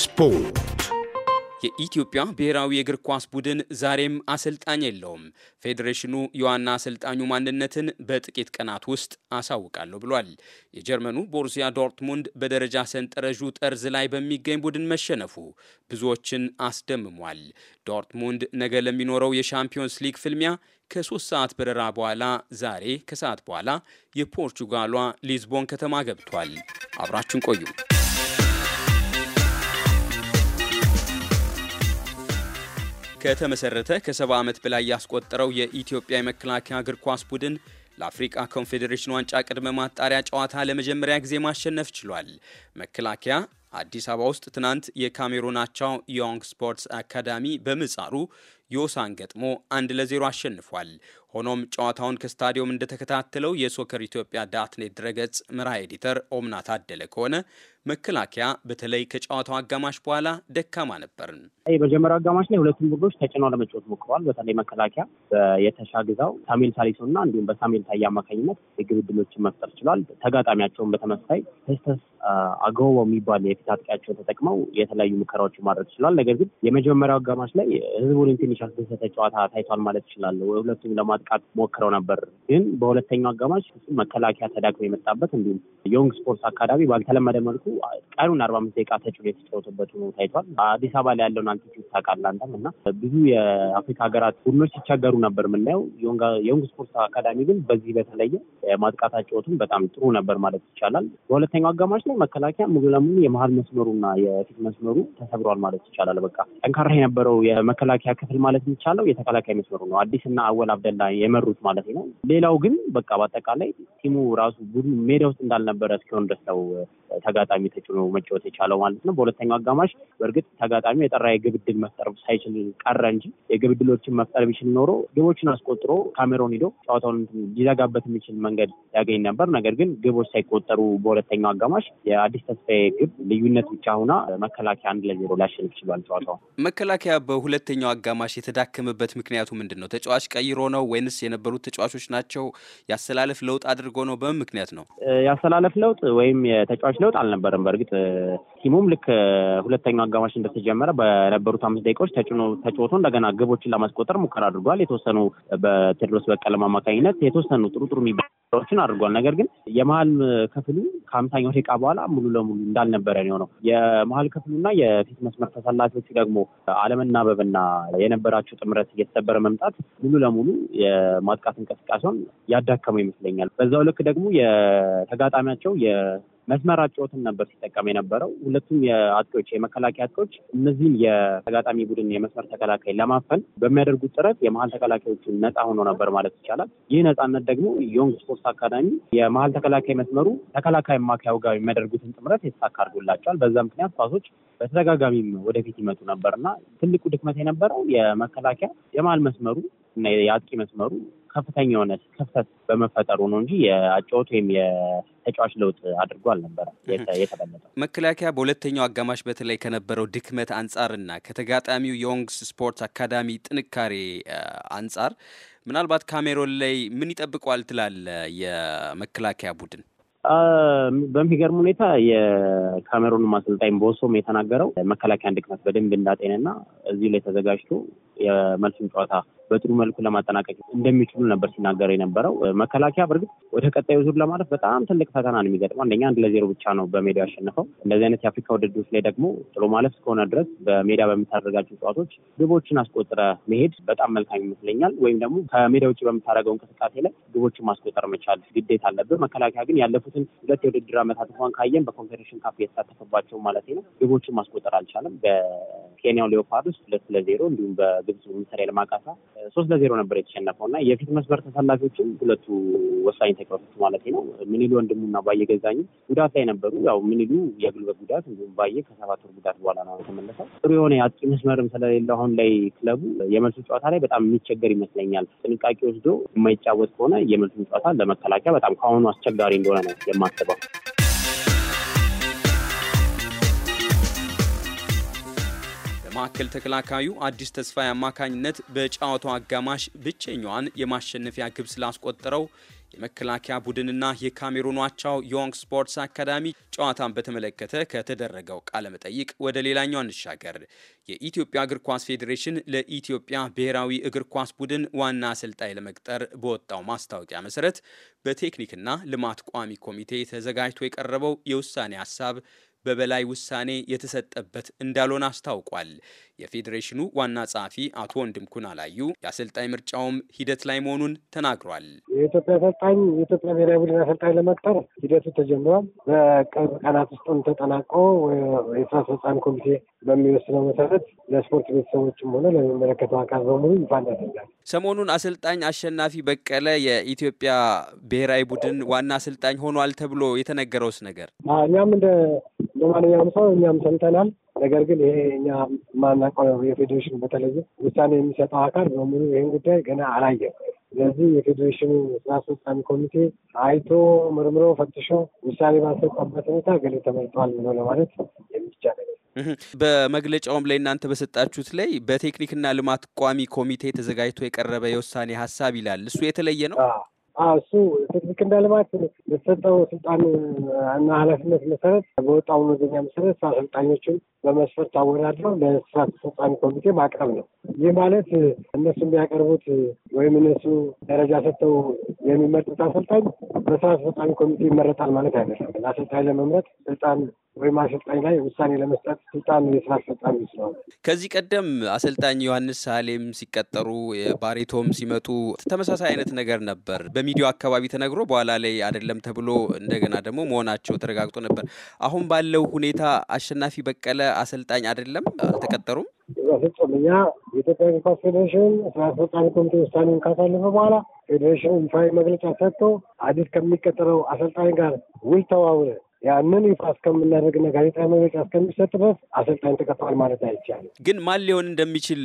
ስፖርት የኢትዮጵያ ብሔራዊ የእግር ኳስ ቡድን ዛሬም አሰልጣኝ የለውም። ፌዴሬሽኑ የዋና አሰልጣኙ ማንነትን በጥቂት ቀናት ውስጥ አሳውቃለሁ ብሏል። የጀርመኑ ቦሩሲያ ዶርትሙንድ በደረጃ ሰንጠረዡ ጠርዝ ላይ በሚገኝ ቡድን መሸነፉ ብዙዎችን አስደምሟል። ዶርትሙንድ ነገ ለሚኖረው የሻምፒዮንስ ሊግ ፍልሚያ ከሶስት ሰዓት በረራ በኋላ ዛሬ ከሰዓት በኋላ የፖርቹጋሏ ሊዝቦን ከተማ ገብቷል። አብራችን ቆዩ። ከተመሰረተ ከሰባ ዓመት በላይ ያስቆጠረው የኢትዮጵያ የመከላከያ እግር ኳስ ቡድን ለአፍሪቃ ኮንፌዴሬሽን ዋንጫ ቅድመ ማጣሪያ ጨዋታ ለመጀመሪያ ጊዜ ማሸነፍ ችሏል። መከላከያ አዲስ አበባ ውስጥ ትናንት የካሜሩናቸው ዮንግ ስፖርትስ አካዳሚ በምጻሩ ዮሳን ገጥሞ አንድ ለዜሮ አሸንፏል። ሆኖም ጨዋታውን ከስታዲየም እንደተከታተለው የሶከር ኢትዮጵያ ዳትኔት ድረገጽ ምራ ኤዲተር ኦምና ታደለ ከሆነ መከላከያ በተለይ ከጨዋታው አጋማሽ በኋላ ደካማ ነበርን። የመጀመሪያው አጋማሽ ላይ ሁለቱም ቡድኖች ተጭነው ለመጫወት ሞክረዋል። በተለይ መከላከያ በየተሻ ግዛው ሳሜል ሳሊሶ እና እንዲሁም በሳሜል ታዬ አማካኝነት የግብ ዕድሎችን መፍጠር ችሏል። ተጋጣሚያቸውን በተመሳሳይ ተስተስ አገቦ የሚባል የፊት አጥቂያቸውን ተጠቅመው የተለያዩ ሙከራዎችን ማድረግ ችሏል። ነገር ግን የመጀመሪያው አጋማሽ ላይ ህዝቡን ትንሽ ስንሰጠ ጨዋታ ታይቷል ማለት እችላለሁ። ሁለቱም ለማጥቃት ሞክረው ነበር፣ ግን በሁለተኛው አጋማሽ መከላከያ ተዳክሞ የመጣበት እንዲሁም ዮንግ ስፖርት አካዳሚ ባልተለመደ መልኩ ቀኑን አርባ አምስት ደቂቃ ተጭኖ የተጫወቱበት ሆኖ ታይቷል። አዲስ አበባ ላይ ያለውን አልቲቲዩድ ታውቃለህ አንተም እና ብዙ የአፍሪካ ሀገራት ቡድኖች ሲቸገሩ ነበር የምናየው። ዮንግ ስፖርት አካዳሚ ግን በዚህ በተለየ ማጥቃት ጨዋታቸውን በጣም ጥሩ ነበር ማለት ይቻላል። በሁለተኛው አጋማሽ ላይ መከላከያ ሙሉ ለሙሉ የመሀል መስመሩና የፊት መስመሩ ተሰብሯል ማለት ይቻላል። በቃ ጠንካራ የነበረው የመከላከያ ክፍል ማለት የሚቻለው የተከላካይ መስመሩ ነው። አዲስ እና አወል አብደላ የመሩት ማለት ነው። ሌላው ግን በቃ በአጠቃላይ ቲሙ ራሱ ቡድኑ ሜዳ ውስጥ እንዳልነበረ እስኪሆን ድረስ ነው ተጋጣሚ ተጭኖ መጫወት የቻለው ማለት ነው። በሁለተኛው አጋማሽ በእርግጥ ተጋጣሚ የጠራ የግብ ዕድል መፍጠር ሳይችል ቀረ እንጂ የግብ ዕድሎችን መፍጠር ቢችል ኖሮ ግቦችን አስቆጥሮ ካሜሮን ሂዶ ጨዋታውን ሊዘጋበት የሚችል መንገድ ያገኝ ነበር። ነገር ግን ግቦች ሳይቆጠሩ በሁለተኛው አጋማሽ የአዲስ ተስፋዬ ግብ ልዩነት ብቻ ሁና መከላከያ አንድ ለዜሮ ሊያሸንፍ ችሏል ጨዋታውን። መከላከያ በሁለተኛው አጋማሽ የተዳከመበት ምክንያቱ ምንድን ነው? ተጫዋች ቀይሮ ነው ወይንስ የነበሩት ተጫዋቾች ናቸው? ያሰላለፍ ለውጥ አድርጎ ነው? በምን ምክንያት ነው? ያሰላለፍ ለውጥ ወይም የተጫዋች ለውጥ አልነበረም። በእርግጥ ቲሙም ልክ ሁለተኛው አጋማሽ እንደተጀመረ በነበሩት አምስት ደቂቃዎች ተጫውቶ እንደገና ግቦችን ለማስቆጠር ሙከራ አድርጓል። የተወሰኑ በቴድሮስ በቀለም አማካኝነት የተወሰኑ ጥሩ ጥሩ የሚባል ስራዎችን አድርጓል። ነገር ግን የመሀል ክፍሉ ከአምሳኛው ደቂቃ በኋላ ሙሉ ለሙሉ እንዳልነበረ ነው ነው የመሀል ክፍሉና የፊት መስመር ተሰላፊዎች ደግሞ አለመናበብና የነበራቸው ጥምረት እየተሰበረ መምጣት ሙሉ ለሙሉ የማጥቃት እንቅስቃሴውን ያዳከመው ይመስለኛል። በዛው ልክ ደግሞ የተጋጣሚያቸው መስመር አጫወትን ነበር ሲጠቀም የነበረው። ሁለቱም የአጥቂዎች የመከላከያ አጥቂዎች እነዚህም የተጋጣሚ ቡድን የመስመር ተከላካይ ለማፈን በሚያደርጉት ጥረት የመሀል ተከላካዮቹን ነፃ ሆኖ ነበር ማለት ይቻላል። ይህ ነፃነት ደግሞ ዮንግ ስፖርት አካዳሚ የመሀል ተከላካይ መስመሩ ተከላካይ ማካያው ጋር የሚያደርጉትን ጥምረት የተሳካ አድርጎላቸዋል። በዛ ምክንያት ኳሶች በተደጋጋሚም ወደፊት ይመጡ ነበር እና ትልቁ ድክመት የነበረው የመከላከያ የመሀል መስመሩ እና የአጥቂ መስመሩ ከፍተኛ የሆነ ክፍተት በመፈጠሩ ነው እንጂ የአጫወት ወይም የተጫዋች ለውጥ አድርጎ አልነበረ የተበለጠው። መከላከያ በሁለተኛው አጋማሽ በተለይ ከነበረው ድክመት አንጻርና ከተጋጣሚው ዮንግስ ስፖርት አካዳሚ ጥንካሬ አንጻር ምናልባት ካሜሮን ላይ ምን ይጠብቋል ትላለ የመከላከያ ቡድን? በሚገርም ሁኔታ የካሜሩን አሰልጣኝ ቦሶም የተናገረው መከላከያን ድክመት በደንብ እንዳጤንና እዚሁ ላይ ተዘጋጅቶ የመልሱን ጨዋታ በጥሩ መልኩ ለማጠናቀቅ እንደሚችሉ ነበር ሲናገር የነበረው። መከላከያ በእርግጥ ወደ ቀጣዩ ዙር ለማለፍ በጣም ትልቅ ፈተና ነው የሚገጥመው። አንደኛ አንድ ለዜሮ ብቻ ነው በሜዳ ያሸነፈው። እንደዚህ አይነት የአፍሪካ ውድድሮች ላይ ደግሞ ጥሎ ማለፍ እስከሆነ ድረስ በሜዳ በምታደርጋቸው ጨዋታዎች ግቦችን አስቆጥረ መሄድ በጣም መልካም ይመስለኛል። ወይም ደግሞ ከሜዳ ውጭ በምታደርገው እንቅስቃሴ ላይ ግቦችን ማስቆጠር መቻል ግዴታ አለብን። መከላከያ ግን ያለፉትን ሁለት የውድድር ዓመታት እንኳን ካየን በኮንፌዴሬሽን ካፕ የተሳተፈባቸው ማለት ነው ግቦችን ማስቆጠር አልቻለም። ኬንያው ሌኦፓርድስ ሁለት ለዜሮ እንዲሁም በግብፁ ሚሳኤል ለማቃሳ ሶስት ለዜሮ ነበር የተሸነፈው እና የፊት መስመር ተሰላፊዎችም ሁለቱ ወሳኝ ተጫዋቾች ማለት ነው ምንሉ ወንድሙና ባየ ገዛኝ ጉዳት ላይ ነበሩ። ያው ምንሉ የጉልበት ጉዳት እንዲሁም ባየ ከሰባት ወር ጉዳት በኋላ ነው የተመለሰው። ጥሩ የሆነ የአጥቂ መስመርም ስለሌለ አሁን ላይ ክለቡ የመልሱ ጨዋታ ላይ በጣም የሚቸገር ይመስለኛል። ጥንቃቄ ወስዶ የማይጫወት ከሆነ የመልሱን ጨዋታ ለመከላከያ በጣም ከአሁኑ አስቸጋሪ እንደሆነ ነው የማስበው። በማዕከል ተከላካዩ አዲስ ተስፋዬ አማካኝነት በጨዋታው አጋማሽ ብቸኛዋን የማሸነፊያ ግብ ስላስቆጠረው የመከላከያ ቡድንና የካሜሩን አቻው ዮንግ ስፖርትስ አካዳሚ ጨዋታን በተመለከተ ከተደረገው ቃለመጠይቅ ወደ ሌላኛው እንሻገር። የኢትዮጵያ እግር ኳስ ፌዴሬሽን ለኢትዮጵያ ብሔራዊ እግር ኳስ ቡድን ዋና አሰልጣኝ ለመቅጠር በወጣው ማስታወቂያ መሰረት በቴክኒክና ልማት ቋሚ ኮሚቴ ተዘጋጅቶ የቀረበው የውሳኔ ሀሳብ በበላይ ውሳኔ የተሰጠበት እንዳልሆነ አስታውቋል። የፌዴሬሽኑ ዋና ጸሐፊ አቶ ወንድምኩን አላዩ የአሰልጣኝ ምርጫውም ሂደት ላይ መሆኑን ተናግሯል። የኢትዮጵያ አሰልጣኝ የኢትዮጵያ ብሔራዊ ቡድን አሰልጣኝ ለመቅጠር ሂደቱ ተጀምሯል። በቅርብ ቀናት ውስጥም ተጠናቆ የስራ አስፈጻሚ ኮሚቴ በሚወስነው መሰረት ለስፖርት ቤተሰቦችም ሆነ ለሚመለከተው አካል በሙሉ ይፋ እናደርጋለን። ሰሞኑን አሰልጣኝ አሸናፊ በቀለ የኢትዮጵያ ብሔራዊ ቡድን ዋና አሰልጣኝ ሆኗል ተብሎ የተነገረውስ ነገር እኛም እንደ ለማንኛውም ሰው እኛም ሰምተናል። ነገር ግን ይሄ እኛ ማናውቀው የፌዴሬሽን በተለየ ውሳኔ የሚሰጠው አካል በሙሉ ይህን ጉዳይ ገና አላየም። ስለዚህ የፌዴሬሽኑ ስራ አስፈጻሚ ኮሚቴ አይቶ ምርምሮ ፈትሾ ውሳኔ ባሰጠበት ሁኔታ ገሌ ተመርጠዋል ብሎ ለማለት የሚቻል በመግለጫውም ላይ እናንተ በሰጣችሁት ላይ በቴክኒክና ልማት ቋሚ ኮሚቴ ተዘጋጅቶ የቀረበ የውሳኔ ሀሳብ ይላል። እሱ የተለየ ነው እሱ ቴክኒክና ልማት በተሰጠው ስልጣን እና ኃላፊነት መሰረት በወጣው መመዘኛ መሰረት አሰልጣኞችን በመስፈርት አወዳድረው ለስራ አስፈጻሚ ኮሚቴ ማቅረብ ነው። ይህ ማለት እነሱ የሚያቀርቡት ወይም እነሱ ደረጃ ሰጥተው የሚመርጡት አሰልጣኝ በስራ አስፈጻሚ ኮሚቴ ይመረጣል ማለት አይደለም። አሰልጣኝ ለመምረጥ ስልጣን ወይም አሰልጣኝ ላይ ውሳኔ ለመስጠት ስልጣን የስራ አስፈጻሚ ስለሆነ ከዚህ ቀደም አሰልጣኝ ዮሐንስ ሳሌም ሲቀጠሩ ባሬቶም ሲመጡ ተመሳሳይ አይነት ነገር ነበር። በሚዲያው አካባቢ ተነግሮ በኋላ ላይ አይደለም ተብሎ እንደገና ደግሞ መሆናቸው ተረጋግጦ ነበር። አሁን ባለው ሁኔታ አሸናፊ በቀለ አሰልጣኝ አይደለም፣ አልተቀጠሩም። በፍጹም እኛ የኢትዮጵያ እግር ኳስ ፌዴሬሽን ስራ አስፈጻሚ ኮሚቴ ውሳኔውን ካሳለፈ በኋላ ፌዴሬሽኑ ይፋዊ መግለጫ ሰጥቶ አዲስ ከሚቀጠረው አሰልጣኝ ጋር ውል ተዋውለ ያንን ይፋ እስከምናደርግና ጋዜጣ መግለጫ እስከሚሰጥ ድረስ አሰልጣኝ ተቀጥሯል ማለት አይቻልም። ግን ማን ሊሆን እንደሚችል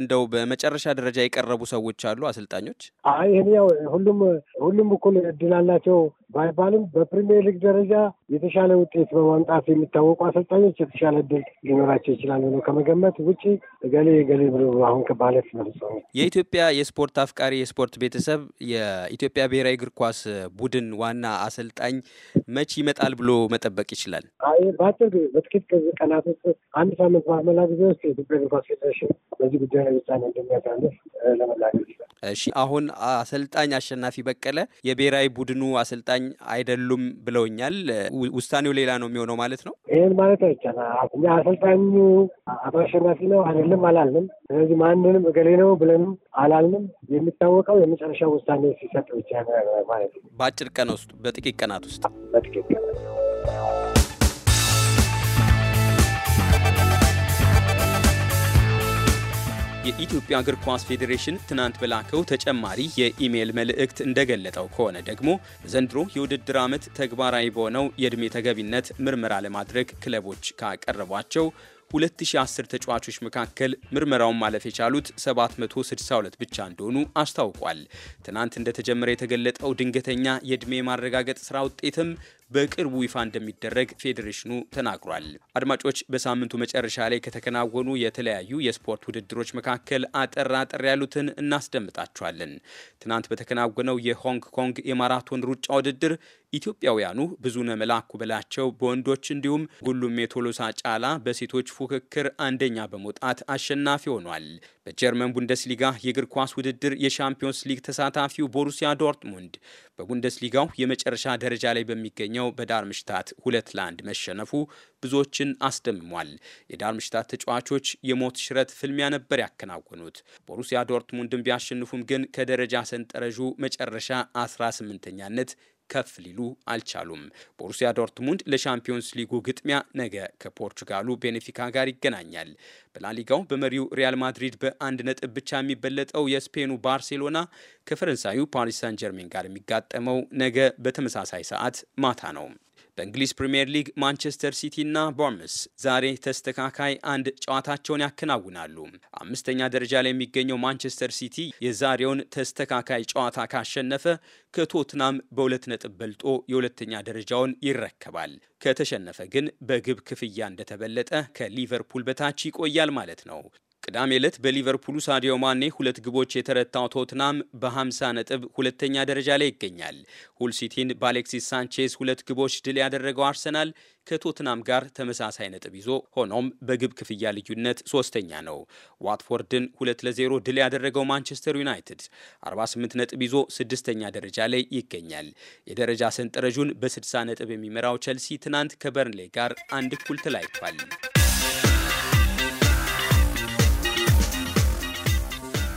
እንደው በመጨረሻ ደረጃ የቀረቡ ሰዎች አሉ አሰልጣኞች። አይ ይህን ያው ሁሉም ሁሉም እኩል እድል አላቸው ባይባልም በፕሪሚየር ሊግ ደረጃ የተሻለ ውጤት በማምጣት የሚታወቁ አሰልጣኞች የተሻለ እድል ሊኖራቸው ይችላል ብሎ ከመገመት ውጭ እገሌ እገሌ ብሎ አሁን ከባለት መልሰዋል። የኢትዮጵያ የስፖርት አፍቃሪ የስፖርት ቤተሰብ የኢትዮጵያ ብሔራዊ እግር ኳስ ቡድን ዋና አሰልጣኝ መች ይመጣል ብሎ መጠበቅ ይችላል? በአጭር ጊዜ በጥቂት ቀናት ውስጥ አንድ ሳምንት ባልሞላ ጊዜ ውስጥ የኢትዮጵያ እግር ኳስ ፌዴሬሽን በዚህ ጉዳይ ላይ ውሳኔ እንደሚያሳልፍ ለመናገር ይችላል። እሺ አሁን አሰልጣኝ አሸናፊ በቀለ የብሔራዊ ቡድኑ አሰልጣኝ ፈቃደኝ አይደሉም ብለውኛል። ውሳኔው ሌላ ነው የሚሆነው ማለት ነው። ይህን ማለት አይቻላል። እኛ አሰልጣኙ አቶ አሸናፊ ነው አይደለም አላልንም። ስለዚህ ማንንም እገሌ ነው ብለንም አላልንም። የሚታወቀው የመጨረሻ ውሳኔ ሲሰጥ ብቻ ማለት ነው። በአጭር ቀን ውስጥ፣ በጥቂት ቀናት ውስጥ በጥቂት ቀናት የኢትዮጵያ እግር ኳስ ፌዴሬሽን ትናንት በላከው ተጨማሪ የኢሜይል መልእክት እንደገለጠው ከሆነ ደግሞ ዘንድሮ የውድድር ዓመት ተግባራዊ በሆነው የዕድሜ ተገቢነት ምርመራ ለማድረግ ክለቦች ካቀረቧቸው 2010 ተጫዋቾች መካከል ምርመራውን ማለፍ የቻሉት 762 ብቻ እንደሆኑ አስታውቋል። ትናንት እንደተጀመረ የተገለጠው ድንገተኛ የዕድሜ ማረጋገጥ ስራ ውጤትም በቅርቡ ይፋ እንደሚደረግ ፌዴሬሽኑ ተናግሯል። አድማጮች፣ በሳምንቱ መጨረሻ ላይ ከተከናወኑ የተለያዩ የስፖርት ውድድሮች መካከል አጠር አጠር ያሉትን እናስደምጣቸዋለን። ትናንት በተከናወነው የሆንግ ኮንግ የማራቶን ሩጫ ውድድር ኢትዮጵያውያኑ ብዙነህ መላኩ በላቸው በወንዶች እንዲሁም ጉሉሜ ቶሎሳ ጫላ በሴቶች ፉክክር አንደኛ በመውጣት አሸናፊ ሆኗል። በጀርመን ቡንደስሊጋ የእግር ኳስ ውድድር የሻምፒዮንስ ሊግ ተሳታፊው ቦሩሲያ ዶርትሙንድ በቡንደስሊጋው የመጨረሻ ደረጃ ላይ በሚገኘው በዳርምሽታት ሁለት ለአንድ መሸነፉ ብዙዎችን አስደምሟል። የዳርምሽታት ተጫዋቾች የሞት ሽረት ፍልሚያ ነበር ያከናወኑት። ቦሩሲያ ዶርትሙንድን ቢያሸንፉም ግን ከደረጃ ሰንጠረዡ መጨረሻ 18ኛነት ከፍ ሊሉ አልቻሉም። ቦሩሲያ ዶርትሙንድ ለሻምፒዮንስ ሊጉ ግጥሚያ ነገ ከፖርቹጋሉ ቤኔፊካ ጋር ይገናኛል። በላሊጋው በመሪው ሪያል ማድሪድ በአንድ ነጥብ ብቻ የሚበለጠው የስፔኑ ባርሴሎና ከፈረንሳዩ ፓሪስ ሳን ጀርሜን ጋር የሚጋጠመው ነገ በተመሳሳይ ሰዓት ማታ ነው። በእንግሊዝ ፕሪምየር ሊግ ማንቸስተር ሲቲና ቦርምስ ዛሬ ተስተካካይ አንድ ጨዋታቸውን ያከናውናሉ። አምስተኛ ደረጃ ላይ የሚገኘው ማንቸስተር ሲቲ የዛሬውን ተስተካካይ ጨዋታ ካሸነፈ ከቶትናም በሁለት ነጥብ በልጦ የሁለተኛ ደረጃውን ይረከባል። ከተሸነፈ ግን በግብ ክፍያ እንደተበለጠ ከሊቨርፑል በታች ይቆያል ማለት ነው። ቅዳሜ ዕለት በሊቨርፑሉ ሳዲዮ ማኔ ሁለት ግቦች የተረታው ቶትናም በ50 ነጥብ ሁለተኛ ደረጃ ላይ ይገኛል። ሁል ሲቲን በአሌክሲስ ሳንቼዝ ሁለት ግቦች ድል ያደረገው አርሰናል ከቶትናም ጋር ተመሳሳይ ነጥብ ይዞ ሆኖም በግብ ክፍያ ልዩነት ሶስተኛ ነው። ዋትፎርድን ሁለት ለዜሮ ድል ያደረገው ማንቸስተር ዩናይትድ 48 ነጥብ ይዞ ስድስተኛ ደረጃ ላይ ይገኛል። የደረጃ ሰንጠረዡን በ60 ነጥብ የሚመራው ቸልሲ ትናንት ከበርንሌ ጋር አንድ እኩል ተለያይቷል።